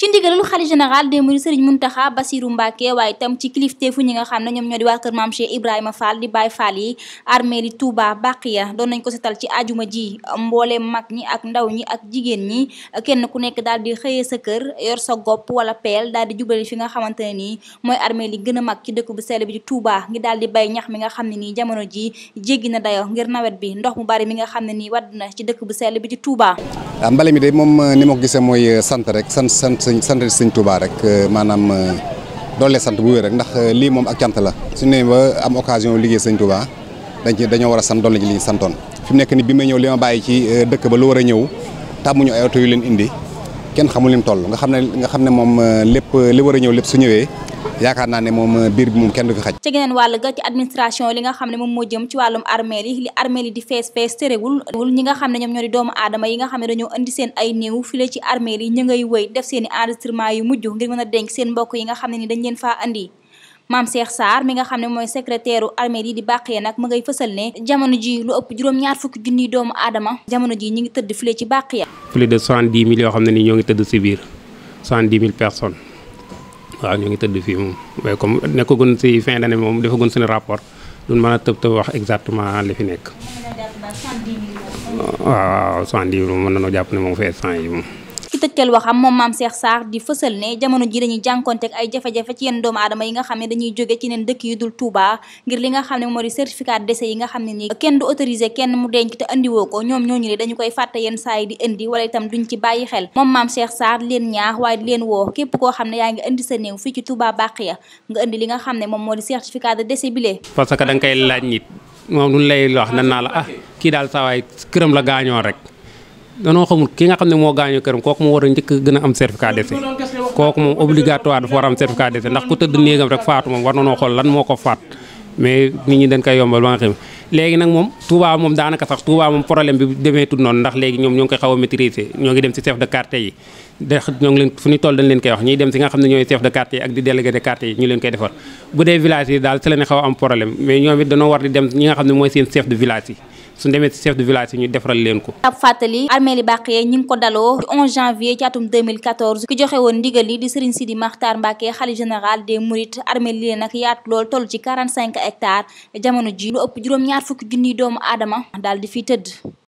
ci ndigalul xalifa général des mourides Serigne Mountakha Bassirou Mbacké waaye tam ci kilifteefu ñi nga xam ne ñoom ñoo di waa kër maam Cheikh Ibrahima Fall di Baye Fall yi armée li Touba Baqiya doon nañ ko si tal ci ajuma ji mboolee mag ñi ak ndaw ñi ak jigéen ñi kenn ku nekk daal di xëyee sa kër yor sa gopp wala peel daal di jubali fi nga xamante ne nii mooy armée li gën a mag ci dëkk bu sell bi ci Touba ngi daal di bay ñax mi nga xam ne nii jamono ji jéggi na dayo ngir nawet bi ndox mu bari mi nga xam ne nii wadd na ci dëkk bu sell bi ci Touba ah, mbale mi de moom ni ma ko mooy euh, sant rek sant sant sëñ sant sëñ Touba rek euh, maanaam euh, doole sant bu wér rek ndax euh, lii moom ak cant la su nee ba am occasion liggéey sañ Touba dañ ci dañoo war a sant doole ji liñ santoon fi nekk ni bi may ñëw li ma bàyyi ci dëkk ba lu war a ñëw tàmmuñu ay oto yu leen indi kenn xamul tool toll nga xam ne nga xam ne moom lépp li war a ñëw lépp su ñëwee yaakaar naa ne moom euh, biir bi moom kenn du fi xaj ci geneen wàll ga ci administration li nga xam ne moom moo jëm ci wàllum armeel yi li armeel yi di fees fees terewul ñi nga xam ne ñoom ñoo di aadama yi nga xam ne dañoo indi seen ay néew file ci armeel yi ñu ngay wëy def yu mujj ngir mën a denc seen mbokk yi nga xam ne ni dañ leen faa andi maam Cheikh Sarr mi nga ne mooy secrétaire u armée yi di bàqee nag mu ngay fësal ne jamono ji lu juróom-ñaar fukki junniy doomu aadama jamono ji ñi ngi tëdd file ci bàq ya plus de soixante yoo xam ne ni ñoo ngi tëdd si biir soixante-dix mille waaw ñu ngi tëdd fii moom waaye comme nekkagun si fin d'année moom defagun suñu rapport duñ mën a tëb tëb wax exactement li fi nekk. waaw waaw soixante-dix mën nañoo jàpp ne moom fee cent yi moom. ci tëjkal waxam moom maam Cheikh Sarr di fësal ne jamono ji dañuy jànkonteeg ay jafe-jafe ci yenn doomu aadama yi nga xam ne dañuy jóge ci neen dëkk yu dul Touba ngir li nga xam ne moo di certificat de décès xam ne nii kenn du autorisé kenn mu denc te indiwoo ko ñoom ñooñu le dañu koy fàtte yenn saa yi di indi wala ci bàyyi xel moom maam Cheikh Sarr leen ñaax waaye di leen woo képp koo xam ne yaa ngi indi sa néew fii ci Touba Baqiya nga indi nga xam ne moom moo di certificat de décès bi lee parce que da nga koy laaj nit moom lu lay wax nan naa la ah kii daal saa waay këram la gaañoo rek danoo xamul ki nga xam ne moo gaañu këram kooku moo war a njëkk gën a am certificat décès kooku moom obligatoire dafa war a am certificat décès ndax ku tëdd néegam rek faatu moom war na noo xool lan moo ko faat mais nit ñi dañ koy yombal ba nga xam léegi nag moom Touba moom daanaka sax Touba moom problème bi demee a maîtriser ñoo ngi dem si chef de quartier yi ndax ñoo ngi leen fu ñu toll dañ ne ñooy chef de yi ak di délégué yi ñu leen koy defar bu dee village yi daal si la ne am problème mais ñoom it danoo war di dem ñi nga xam ne mooy seen chef de village yi suñ demee ci chef de village yi ñu defaral leen ko ab fàttali armeeli Bakhiya ñi ngi ko daloo ci 11 janvier ci atum 2014 ki joxe woon ndigal li di Serigne Sidi Makhtar Mbacké xalifa général des mourides armeeli li nag yaatu lool toll ci 45 hectares jamono ji lu ëpp juróom ñaar fukki junniy doomu aadama daal di fi tëdd